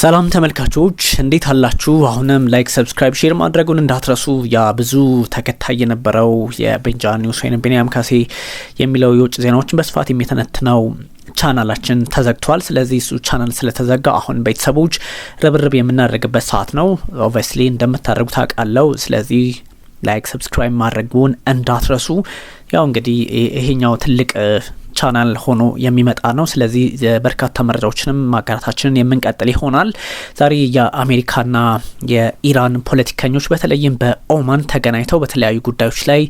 ሰላም ተመልካቾች እንዴት አላችሁ? አሁንም ላይክ፣ ሰብስክራይብ፣ ሼር ማድረጉን እንዳትረሱ። ያ ብዙ ተከታይ የነበረው የቤንጃ ኒውስ ወይም ቤንያም ካሴ የሚለው የውጭ ዜናዎችን በስፋት የሚተነትነው ቻናላችን ተዘግቷል። ስለዚህ እሱ ቻናል ስለተዘጋ አሁን ቤተሰቦች ርብርብ የምናደርግበት ሰዓት ነው። ኦቨስሊ እንደምታደርጉ ታውቃለሁ። ስለዚህ ላይክ፣ ሰብስክራይብ ማድረጉን እንዳትረሱ። ያው እንግዲህ ይሄኛው ትልቅ ቻናል ሆኖ የሚመጣ ነው። ስለዚህ በርካታ መረጃዎችንም ማጋራታችንን የምንቀጥል ይሆናል። ዛሬ የአሜሪካና የኢራን ፖለቲከኞች በተለይም በኦማን ተገናኝተው በተለያዩ ጉዳዮች ላይ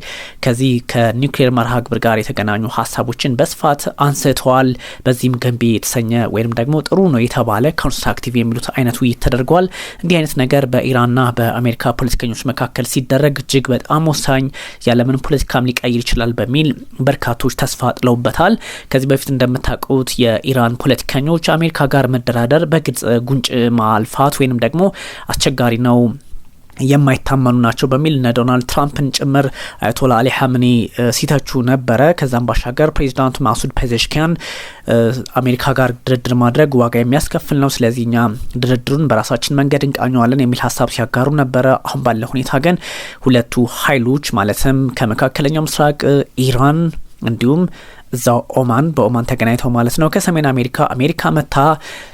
ከዚህ ከኒውክሌር መርሃ ግብር ጋር የተገናኙ ሀሳቦችን በስፋት አንስተዋል። በዚህም ገንቢ የተሰኘ ወይም ደግሞ ጥሩ ነው የተባለ ኮንስትራክቲቭ የሚሉት አይነት ውይይት ተደርጓል። እንዲህ አይነት ነገር በኢራንና በአሜሪካ ፖለቲከኞች መካከል ሲደረግ እጅግ በጣም ወሳኝ ያለምን ፖለቲካም ሊቀይር ይችላል በሚል በርካቶች ተስፋ ጥለውበታል። ከዚህ በፊት እንደምታውቁት የኢራን ፖለቲከኞች አሜሪካ ጋር መደራደር በግልጽ ጉንጭ ማልፋት ወይንም ደግሞ አስቸጋሪ ነው የማይታመኑ ናቸው በሚል እነ ዶናልድ ትራምፕን ጭምር አያቶላ አሊ ሐምኒ ሲተቹ ነበረ። ከዛም ባሻገር ፕሬዚዳንቱ ማሱድ ፔዜሽኪያን አሜሪካ ጋር ድርድር ማድረግ ዋጋ የሚያስከፍል ነው፣ ስለዚህ እኛ ድርድሩን በራሳችን መንገድ እንቃኘዋለን የሚል ሀሳብ ሲያጋሩ ነበረ። አሁን ባለ ሁኔታ ግን ሁለቱ ኃይሎች ማለትም ከመካከለኛው ምስራቅ ኢራን እንዲሁም እዛው ኦማን በኦማን ተገናኝተው ማለት ነው ከሰሜን አሜሪካ አሜሪካ መታ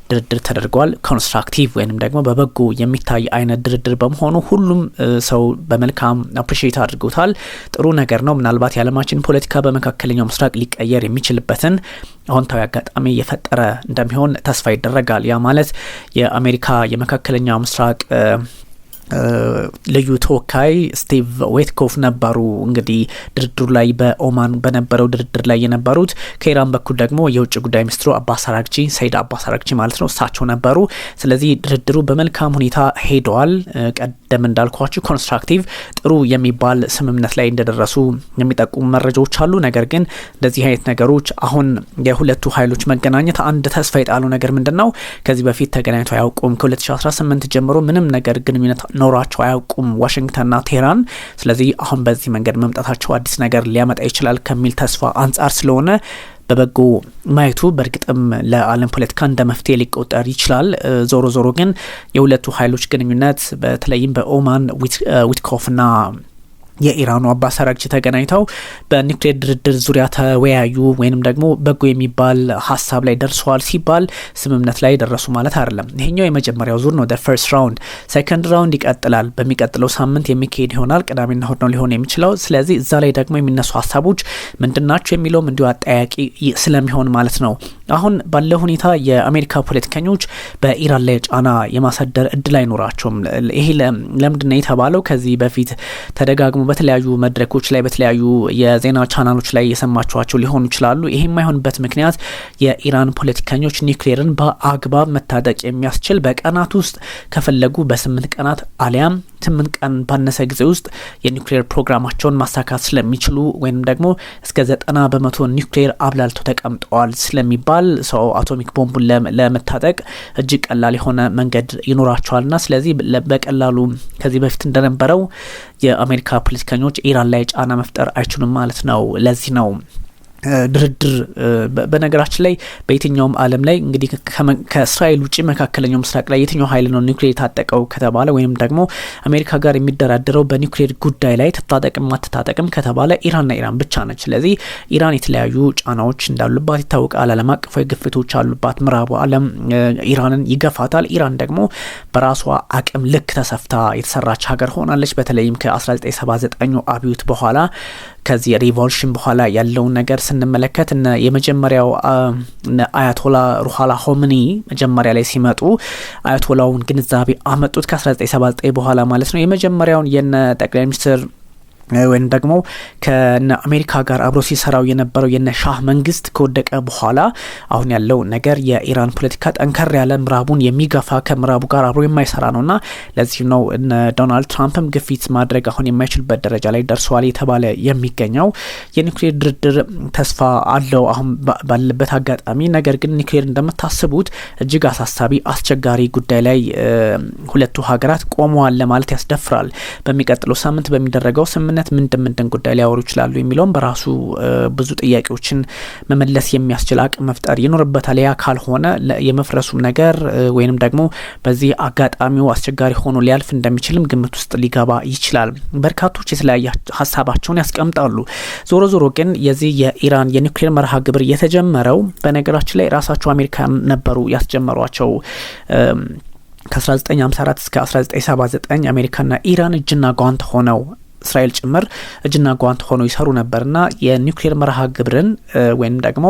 ድርድር ተደርጓል። ኮንስትራክቲቭ ወይንም ደግሞ በበጎ የሚታይ አይነት ድርድር በመሆኑ ሁሉም ሰው በመልካም አፕሪሽት አድርጎታል። ጥሩ ነገር ነው። ምናልባት የዓለማችን ፖለቲካ በመካከለኛው ምስራቅ ሊቀየር የሚችልበትን አሁንታዊ አጋጣሚ የፈጠረ እንደሚሆን ተስፋ ይደረጋል። ያ ማለት የአሜሪካ የመካከለኛው ምስራቅ ልዩ ተወካይ ስቲቭ ዌትኮፍ ነበሩ። እንግዲህ ድርድሩ ላይ በኦማን በነበረው ድርድር ላይ የነበሩት ከኢራን በኩል ደግሞ የውጭ ጉዳይ ሚኒስትሩ አባስ አራግቺ ሰይድ አባስ አራግቺ ማለት ነው እሳቸው ነበሩ። ስለዚህ ድርድሩ በመልካም ሁኔታ ሄደዋል። ቀደም እንዳልኳቸው ኮንስትራክቲቭ ጥሩ የሚባል ስምምነት ላይ እንደደረሱ የሚጠቁሙ መረጃዎች አሉ። ነገር ግን እንደዚህ አይነት ነገሮች አሁን የሁለቱ ኃይሎች መገናኘት አንድ ተስፋ የጣሉ ነገር ምንድን ነው? ከዚህ በፊት ተገናኝቶ አያውቁም። ከ2018 ጀምሮ ምንም ነገር ግንኙነት ኖሯቸው አያውቁም ዋሽንግተንና ቴህራን። ስለዚህ አሁን በዚህ መንገድ መምጣታቸው አዲስ ነገር ሊያመጣ ይችላል ከሚል ተስፋ አንጻር ስለሆነ በበጎ ማየቱ በእርግጥም ለዓለም ፖለቲካ እንደ መፍትሄ ሊቆጠር ይችላል። ዞሮ ዞሮ ግን የሁለቱ ኃይሎች ግንኙነት በተለይም በኦማን ዊትኮፍና የኢራኑ አባስ አራግቺ ተገናኝተው በኒውክሌር ድርድር ዙሪያ ተወያዩ ወይንም ደግሞ በጎ የሚባል ሀሳብ ላይ ደርሰዋል ሲባል ስምምነት ላይ ደረሱ ማለት አይደለም። ይሄኛው የመጀመሪያው ዙር ነው፣ ፈርስት ራውንድ። ሴከንድ ራውንድ ይቀጥላል፣ በሚቀጥለው ሳምንት የሚካሄድ ይሆናል። ቅዳሜና እሁድ ነው ሊሆን የሚችለው። ስለዚህ እዛ ላይ ደግሞ የሚነሱ ሀሳቦች ምንድናቸው የሚለውም እንዲሁ አጠያቂ ስለሚሆን ማለት ነው። አሁን ባለው ሁኔታ የአሜሪካ ፖለቲከኞች በኢራን ላይ ጫና የማሳደር እድል አይኖራቸውም። ይሄ ለምንድነው የተባለው? ከዚህ በፊት ተደጋግሞ በተለያዩ መድረኮች ላይ በተለያዩ የዜና ቻናሎች ላይ የሰማችኋቸው ሊሆኑ ይችላሉ። ይሄ የማይሆንበት ምክንያት የኢራን ፖለቲከኞች ኒውክሌርን በአግባብ መታጠቅ የሚያስችል በቀናት ውስጥ ከፈለጉ በስምንት ቀናት አሊያም ስምንት ቀን ባነሰ ጊዜ ውስጥ የኒውክሌር ፕሮግራማቸውን ማሳካት ስለሚችሉ ወይም ደግሞ እስከ ዘጠና በመቶ ኒውክሌር አብላልቶ ተቀምጠዋል ስለሚባል ሰው አቶሚክ ቦምቡን ለመታጠቅ እጅግ ቀላል የሆነ መንገድ ይኖራቸዋልና ስለዚህ በቀላሉ ከዚህ በፊት እንደነበረው የአሜሪካ ፖለቲከኞች ኢራን ላይ ጫና መፍጠር አይችሉም ማለት ነው። ለዚህ ነው ድርድር በነገራችን ላይ በየትኛውም ዓለም ላይ እንግዲህ ከእስራኤል ውጭ መካከለኛው ምስራቅ ላይ የትኛው ኃይል ነው ኒውክሌር የታጠቀው ከተባለ ወይም ደግሞ አሜሪካ ጋር የሚደራደረው በኒውክሌር ጉዳይ ላይ ትታጠቅም አትታጠቅም ከተባለ ኢራንና ኢራን ብቻ ነች። ስለዚህ ኢራን የተለያዩ ጫናዎች እንዳሉባት ይታወቃል። ዓለም አቀፋዊ ግፊቶች አሉባት። ምዕራቡ ዓለም ኢራንን ይገፋታል። ኢራን ደግሞ በራሷ አቅም ልክ ተሰፍታ የተሰራች ሀገር ሆናለች። በተለይም ከ1979 አብዮት በኋላ ከዚህ ሪቮሉሽን በኋላ ያለውን ነገር ስንመለከት እነ የመጀመሪያው አያቶላ ሩኋላ ሆምኒ መጀመሪያ ላይ ሲመጡ አያቶላውን ግንዛቤ አመጡት ከ1979 በኋላ ማለት ነው። የመጀመሪያውን የነ ጠቅላይ ሚኒስትር ወይም ደግሞ ከአሜሪካ ጋር አብሮ ሲሰራው የነበረው የነ ሻህ መንግስት ከወደቀ በኋላ አሁን ያለው ነገር የኢራን ፖለቲካ ጠንከር ያለ ምዕራቡን የሚገፋ ከምዕራቡ ጋር አብሮ የማይሰራ ነውና ለዚህ ነው ዶናልድ ትራምፕም ግፊት ማድረግ አሁን የማይችልበት ደረጃ ላይ ደርሰዋል የተባለ የሚገኘው የኒክሌር ድርድር ተስፋ አለው አሁን ባለበት አጋጣሚ። ነገር ግን ኒክሌር እንደምታስቡት እጅግ አሳሳቢ አስቸጋሪ ጉዳይ ላይ ሁለቱ ሀገራት ቆመዋል ለማለት ያስደፍራል። በሚቀጥለው ሳምንት በሚደረገው ስምንት ስምምነት ምንድን ምንድን ጉዳይ ሊያወሩ ይችላሉ የሚለውም በራሱ ብዙ ጥያቄዎችን መመለስ የሚያስችል አቅም መፍጠር ይኖርበታል። ያ ካልሆነ የመፍረሱም ነገር ወይንም ደግሞ በዚህ አጋጣሚው አስቸጋሪ ሆኖ ሊያልፍ እንደሚችልም ግምት ውስጥ ሊገባ ይችላል። በርካቶች የተለያየ ሀሳባቸውን ያስቀምጣሉ። ዞሮ ዞሮ ግን የዚህ የኢራን የኒውክሌር መርሃ ግብር የተጀመረው በነገራችን ላይ ራሳቸው አሜሪካ ነበሩ ያስጀመሯቸው። ከ1954 እስከ 1979 አሜሪካና ኢራን እጅና ጓንት ሆነው እስራኤል ጭምር እጅና ጓንት ሆነው ይሰሩ ነበርና የኒውክሌር መርሃ ግብርን ወይም ደግሞ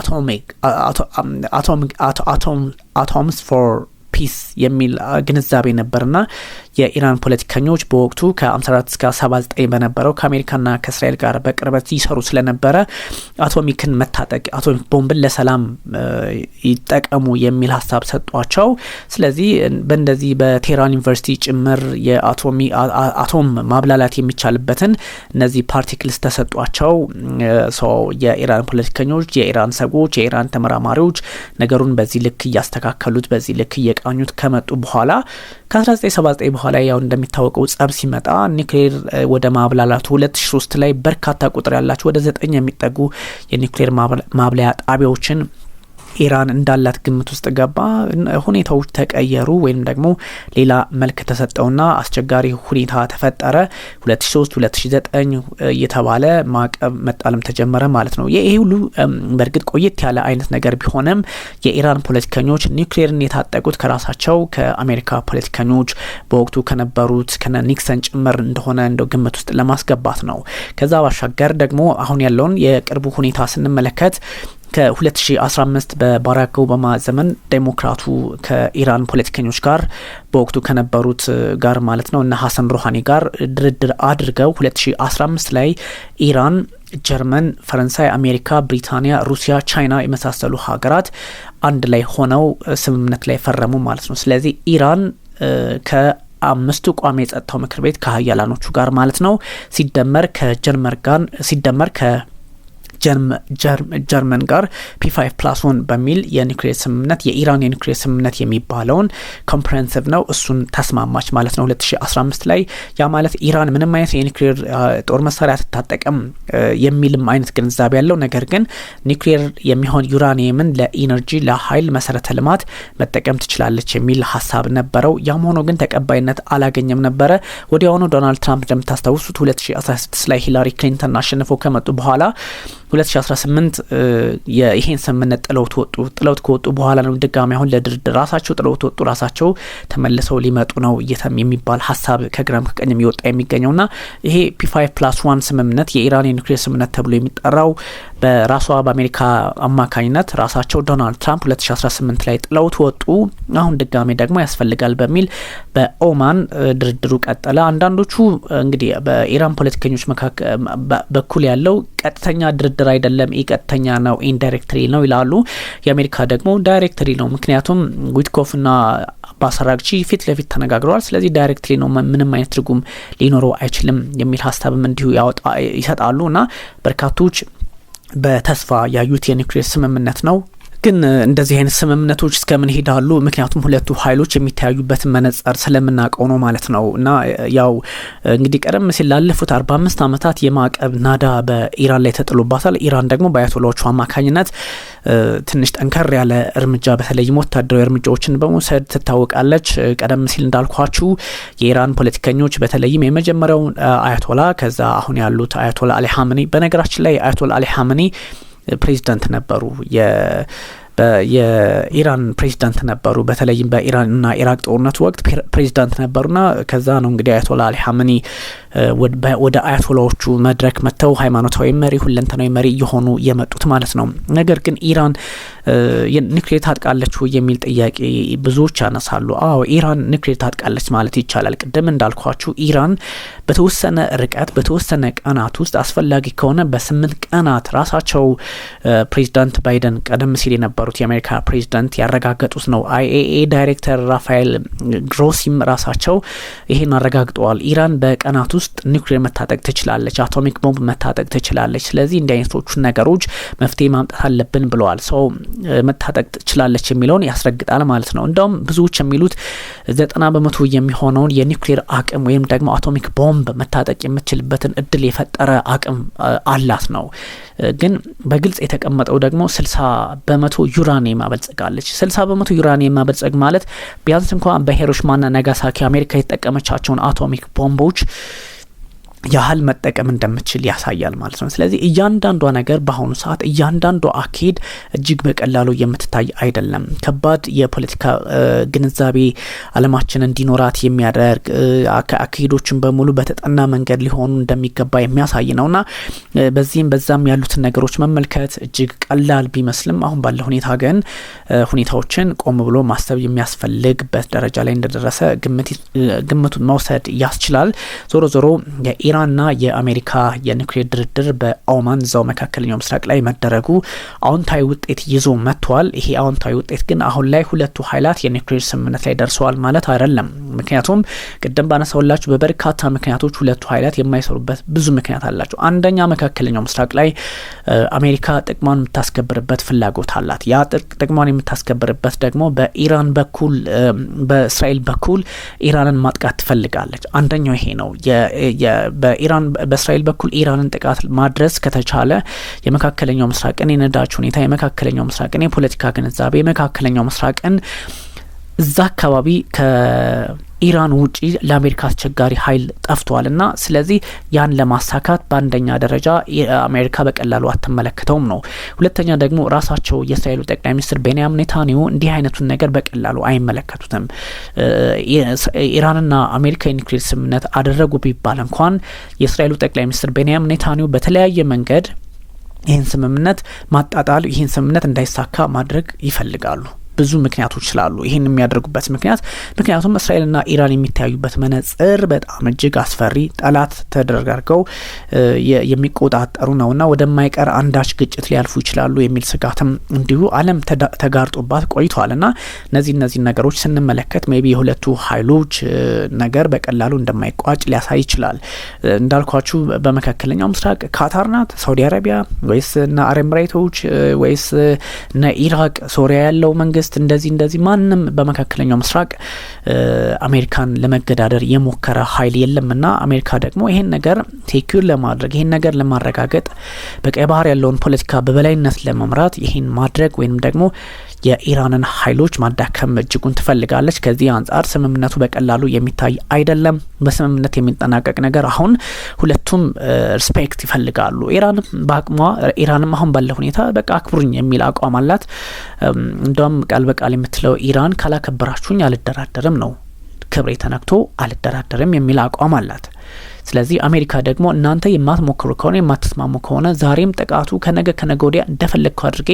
አቶሚክ አቶምስ ፎር ፒስ የሚል ግንዛቤ ነበርና የኢራን ፖለቲከኞች በወቅቱ ከ54 እስከ 79 በነበረው ከአሜሪካና ከእስራኤል ጋር በቅርበት ይሰሩ ስለነበረ አቶሚክን መታጠቅ አቶሚክ ቦምብን ለሰላም ይጠቀሙ የሚል ሀሳብ ሰጧቸው። ስለዚህ በእንደዚህ በቴህራን ዩኒቨርሲቲ ጭምር የአቶም ማብላላት የሚቻልበትን እነዚህ ፓርቲክልስ ተሰጧቸው። የኢራን ፖለቲከኞች፣ የኢራን ሰዎች፣ የኢራን ተመራማሪዎች ነገሩን በዚህ ልክ እያስተካከሉት በዚህ ልክ እየቀ እየተቃኙት ከመጡ በኋላ ከ1979 በኋላ ያው እንደሚታወቀው ጸብ ሲመጣ ኒክሌር ወደ ማብላላቱ 2003 ላይ በርካታ ቁጥር ያላቸው ወደ ዘጠኝ የሚጠጉ የኒክሌር ማብለያ ጣቢያዎችን ኢራን እንዳላት ግምት ውስጥ ገባ። ሁኔታዎች ተቀየሩ ወይም ደግሞ ሌላ መልክ ተሰጠውና አስቸጋሪ ሁኔታ ተፈጠረ። 2003 2009 እየተባለ ማዕቀብ መጣልም ተጀመረ ማለት ነው። ይሄ ሁሉ በእርግጥ ቆየት ያለ አይነት ነገር ቢሆንም የኢራን ፖለቲከኞች ኒውክሌርን የታጠቁት ከራሳቸው ከአሜሪካ ፖለቲከኞች በወቅቱ ከነበሩት ከነ ኒክሰን ጭምር እንደሆነ እንደው ግምት ውስጥ ለማስገባት ነው። ከዛ ባሻገር ደግሞ አሁን ያለውን የቅርቡ ሁኔታ ስንመለከት ከ2015 በባራክ ኦባማ ዘመን ዴሞክራቱ ከኢራን ፖለቲከኞች ጋር በወቅቱ ከነበሩት ጋር ማለት ነው እና ሀሰን ሮሃኒ ጋር ድርድር አድርገው 2015 ላይ ኢራን ጀርመን፣ ፈረንሳይ፣ አሜሪካ፣ ብሪታንያ፣ ሩሲያ፣ ቻይና የመሳሰሉ ሀገራት አንድ ላይ ሆነው ስምምነት ላይ ፈረሙ ማለት ነው። ስለዚህ ኢራን ከ አምስቱ ቋሚ የጸጥታው ምክር ቤት ከሀያላኖቹ ጋር ማለት ነው ሲደመር ከጀርመን ጋር ሲደመር ከ ጀርመን ጋር ፒ5 ፕላስ ኦን በሚል የኒክሌር ስምምነት የኢራን የኒክሌር ስምምነት የሚባለውን ኮምፕሬንሲቭ ነው እሱን ተስማማች ማለት ነው 2015 ላይ ያ ማለት ኢራን ምንም አይነት የኒክሌር ጦር መሳሪያ ትታጠቅም የሚልም አይነት ግንዛቤ ያለው ነገር ግን ኒክሌር የሚሆን ዩራኒየምን ለኢነርጂ ለሀይል መሰረተ ልማት መጠቀም ትችላለች የሚል ሀሳብ ነበረው። ያም ሆኖ ግን ተቀባይነት አላገኘም ነበረ። ወዲያውኑ ዶናልድ ትራምፕ እንደምታስታውሱት 2016 ላይ ሂላሪ ክሊንተን አሸንፈው ከመጡ በኋላ 2018 ይሄን ስምምነት ጥለውት ወጡ። ጥለውት ከወጡ በኋላ ነው ድጋሚ አሁን ለድርድር ራሳቸው ጥለውት ወጡ፣ ራሳቸው ተመልሰው ሊመጡ ነው የሚባል ሀሳብ ከግራም ከቀኝ የሚወጣ የሚገኘውና ይሄ ፒ ፋይቭ ፕላስ ዋን ስምምነት የኢራን የኒክሌር ስምምነት ተብሎ የሚጠራው በራሷ በአሜሪካ አማካኝነት ራሳቸው ዶናልድ ትራምፕ 2018 ላይ ጥለውት ወጡ። አሁን ድጋሜ ደግሞ ያስፈልጋል በሚል በኦማን ድርድሩ ቀጠለ። አንዳንዶቹ እንግዲህ በኢራን ፖለቲከኞች በኩል ያለው ቀጥተኛ ድርድር አይደለም፣ ይህ ቀጥተኛ ነው፣ ኢንዳይሬክትሪ ነው ይላሉ። የአሜሪካ ደግሞ ዳይሬክትሪ ነው፣ ምክንያቱም ዊትኮፍና አባስ ፊት ለፊት ተነጋግረዋል። ስለዚህ ዳይሬክትሪ ነው ምንም አይነት ትርጉም ሊኖረው አይችልም የሚል ሀሳብም እንዲሁ ይሰጣሉ እና በርካቶች በተስፋ ያዩት የኒውክሌር ስምምነት ነው። ግን እንደዚህ አይነት ስምምነቶች እስከምን ሄዳሉ? ምክንያቱም ሁለቱ ኃይሎች የሚተያዩበትን መነጽር ስለምናውቀው ነው ማለት ነው። እና ያው እንግዲህ ቀደም ሲል ላለፉት አርባ አምስት ዓመታት የማዕቀብ ናዳ በኢራን ላይ ተጥሎባታል። ኢራን ደግሞ በአያቶላዎቹ አማካኝነት ትንሽ ጠንከር ያለ እርምጃ በተለይም ወታደራዊ እርምጃዎችን በመውሰድ ትታወቃለች። ቀደም ሲል እንዳልኳችሁ የኢራን ፖለቲከኞች በተለይም የመጀመሪያው አያቶላ ከዛ አሁን ያሉት አያቶላ አሊ ሀምኒ በነገራችን ላይ አያቶላ አሊ ሀምኒ ፕሬዚደንት ነበሩ። የኢራን ፕሬዚዳንት ነበሩ። በተለይም በኢራንና ኢራቅ ጦርነት ወቅት ፕሬዚዳንት ነበሩና ከዛ ነው እንግዲህ አያቶላ አሊ ሀመኒ ወደ አያቶላዎቹ መድረክ መጥተው ሃይማኖታዊ መሪ፣ ሁለንተናዊ መሪ እየሆኑ የመጡት ማለት ነው። ነገር ግን ኢራን ኒክሌር ታጥቃለች ወይ የሚል ጥያቄ ብዙዎች ያነሳሉ። አዎ ኢራን ኒክሌር ታጥቃለች ማለት ይቻላል። ቅድም እንዳልኳችሁ ኢራን በተወሰነ ርቀት በተወሰነ ቀናት ውስጥ አስፈላጊ ከሆነ በስምንት ቀናት ራሳቸው ፕሬዚዳንት ባይደን ቀደም ሲል የነበሩት የአሜሪካ ፕሬዚዳንት ያረጋገጡት ነው። አይኤኤ ዳይሬክተር ራፋኤል ግሮሲም ራሳቸው ይሄን አረጋግጠዋል። ኢራን በቀናት ውስጥ ኒክሌር መታጠቅ ትችላለች፣ አቶሚክ ቦምብ መታጠቅ ትችላለች። ስለዚህ እንዲህ አይነቶቹን ነገሮች መፍትሄ ማምጣት አለብን ብለዋል። ሰው መታጠቅ ትችላለች የሚለውን ያስረግጣል ማለት ነው። እንደውም ብዙዎች የሚሉት ዘጠና በመቶ የሚሆነውን የኒውክሌር አቅም ወይም ደግሞ አቶሚክ ቦምብ መታጠቅ የምትችልበትን እድል የፈጠረ አቅም አላት ነው። ግን በግልጽ የተቀመጠው ደግሞ ስልሳ በመቶ ዩራኒየም አበልጸጋለች። ስልሳ በመቶ ዩራኒየም ማበልጸግ ማለት ቢያንስ እንኳን በሄሮሽማና ነጋሳኪ አሜሪካ የተጠቀመቻቸውን አቶሚክ ቦምቦች ያህል መጠቀም እንደምችል ያሳያል ማለት ነው። ስለዚህ እያንዳንዷ ነገር በአሁኑ ሰዓት እያንዳንዷ አካሄድ እጅግ በቀላሉ የምትታይ አይደለም። ከባድ የፖለቲካ ግንዛቤ አለማችን እንዲኖራት የሚያደርግ አካሄዶችን በሙሉ በተጠና መንገድ ሊሆኑ እንደሚገባ የሚያሳይ ነውና በዚህም በዛም ያሉትን ነገሮች መመልከት እጅግ ቀላል ቢመስልም አሁን ባለ ሁኔታ ግን ሁኔታዎችን ቆም ብሎ ማሰብ የሚያስፈልግበት ደረጃ ላይ እንደደረሰ ግምቱን መውሰድ ያስችላል። ዞሮ ዞሮ የኢራንና የአሜሪካ የኒውክሌር ድርድር በኦማን ዛው መካከለኛው ምስራቅ ላይ መደረጉ አዎንታዊ ውጤት ይዞ መጥቷል። ይሄ አዎንታዊ ውጤት ግን አሁን ላይ ሁለቱ ኃይላት የኒውክሌር ስምምነት ላይ ደርሰዋል ማለት አይደለም። ምክንያቱም ቅድም ባነሳውላችሁ በበርካታ ምክንያቶች ሁለቱ ኃይላት የማይሰሩበት ብዙ ምክንያት አላቸው። አንደኛ መካከለኛው ምስራቅ ላይ አሜሪካ ጥቅሟን የምታስከብርበት ፍላጎት አላት። ያ ጥቅሟን የምታስከብርበት ደግሞ በኢራን በኩል በእስራኤል በኩል ኢራንን ማጥቃት ትፈልጋለች። አንደኛው ይሄ ነው። በኢራን በእስራኤል በኩል ኢራንን ጥቃት ማድረስ ከተቻለ የመካከለኛው ምስራቅን የነዳጅ ሁኔታ፣ የመካከለኛው ምስራቅን የፖለቲካ ግንዛቤ፣ የመካከለኛው ምስራቅን እዛ አካባቢ ኢራን ውጪ ለአሜሪካ አስቸጋሪ ሀይል ጠፍቷል እና ስለዚህ ያን ለማሳካት በአንደኛ ደረጃ አሜሪካ በቀላሉ አትመለከተውም ነው። ሁለተኛ ደግሞ ራሳቸው የእስራኤሉ ጠቅላይ ሚኒስትር ቤንያም ኔታንያሁ እንዲህ አይነቱን ነገር በቀላሉ አይመለከቱትም። ኢራንና አሜሪካ የኒክሌር ስምምነት አደረጉ ቢባል እንኳን የእስራኤሉ ጠቅላይ ሚኒስትር ቤንያም ኔታንያሁ በተለያየ መንገድ ይህን ስምምነት ማጣጣል፣ ይህን ስምምነት እንዳይሳካ ማድረግ ይፈልጋሉ። ብዙ ምክንያቶች ስላሉ ይህን የሚያደርጉበት ምክንያት ምክንያቱም እስራኤልና ኢራን የሚታዩበት መነጽር በጣም እጅግ አስፈሪ ጠላት ተደርጋርገው የሚቆጣጠሩ ነውና ወደማይቀር አንዳች ግጭት ሊያልፉ ይችላሉ የሚል ስጋትም እንዲሁ አለም ተጋርጦባት ቆይቷል እና እነዚህ እነዚህ ነገሮች ስንመለከት ሜቢ የሁለቱ ኃይሎች ነገር በቀላሉ እንደማይቋጭ ሊያሳይ ይችላል። እንዳልኳችሁ በመካከለኛው ምስራቅ ካታር ናት፣ ሳውዲ አረቢያ ወይስ እነ አረብ ወይስ እነ ኢራቅ፣ ሶሪያ ያለው መንግስት መንግስት እንደዚህ እንደዚህ ማንም በመካከለኛው ምስራቅ አሜሪካን ለመገዳደር የሞከረ ሀይል ና አሜሪካ ደግሞ ይሄን ነገር ሴኪር ለማድረግ ይሄን ነገር ለማረጋገጥ በቀይ ባህር ያለውን ፖለቲካ በበላይነት ለመምራት ይሄን ማድረግ ወይም ደግሞ የኢራንን ኃይሎች ማዳከም እጅጉን ትፈልጋለች። ከዚህ አንጻር ስምምነቱ በቀላሉ የሚታይ አይደለም። በስምምነት የሚጠናቀቅ ነገር አሁን ሁለቱም ሪስፔክት ይፈልጋሉ። ኢራንም በአቅሟ ኢራንም አሁን ባለ ሁኔታ በቃ አክብሩኝ የሚል አቋም አላት። እንደም ቃል በቃል የምትለው ኢራን ካላከበራችሁኝ አልደራደርም ነው። ክብሬ ተነክቶ አልደራደርም የሚል አቋም አላት። ስለዚህ አሜሪካ ደግሞ እናንተ የማትሞክሩ ከሆነ የማትስማሙ ከሆነ ዛሬም ጥቃቱ ከነገ ከነገ ወዲያ እንደፈለግከው አድርጌ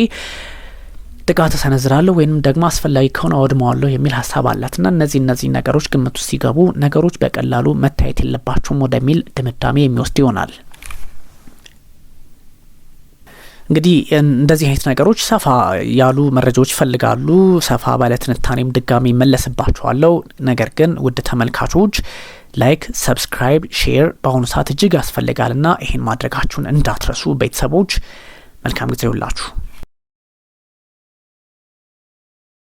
ጥቃት እሰነዝራለሁ ወይም ደግሞ አስፈላጊ ከሆነ አወድመዋለሁ የሚል ሀሳብ አላትና እነዚህ እነዚህ ነገሮች ግምቱ ሲገቡ ነገሮች በቀላሉ መታየት የለባቸውም ወደሚል ድምዳሜ የሚወስድ ይሆናል። እንግዲህ እንደዚህ አይነት ነገሮች ሰፋ ያሉ መረጃዎች ይፈልጋሉ። ሰፋ ባለ ትንታኔም ድጋሚ መለስባቸዋለሁ። ነገር ግን ውድ ተመልካቾች ላይክ፣ ሰብስክራይብ፣ ሼር በአሁኑ ሰዓት እጅግ ና ይህን ማድረጋችሁን እንዳትረሱ ቤተሰቦች። መልካም ጊዜ ይውላችሁ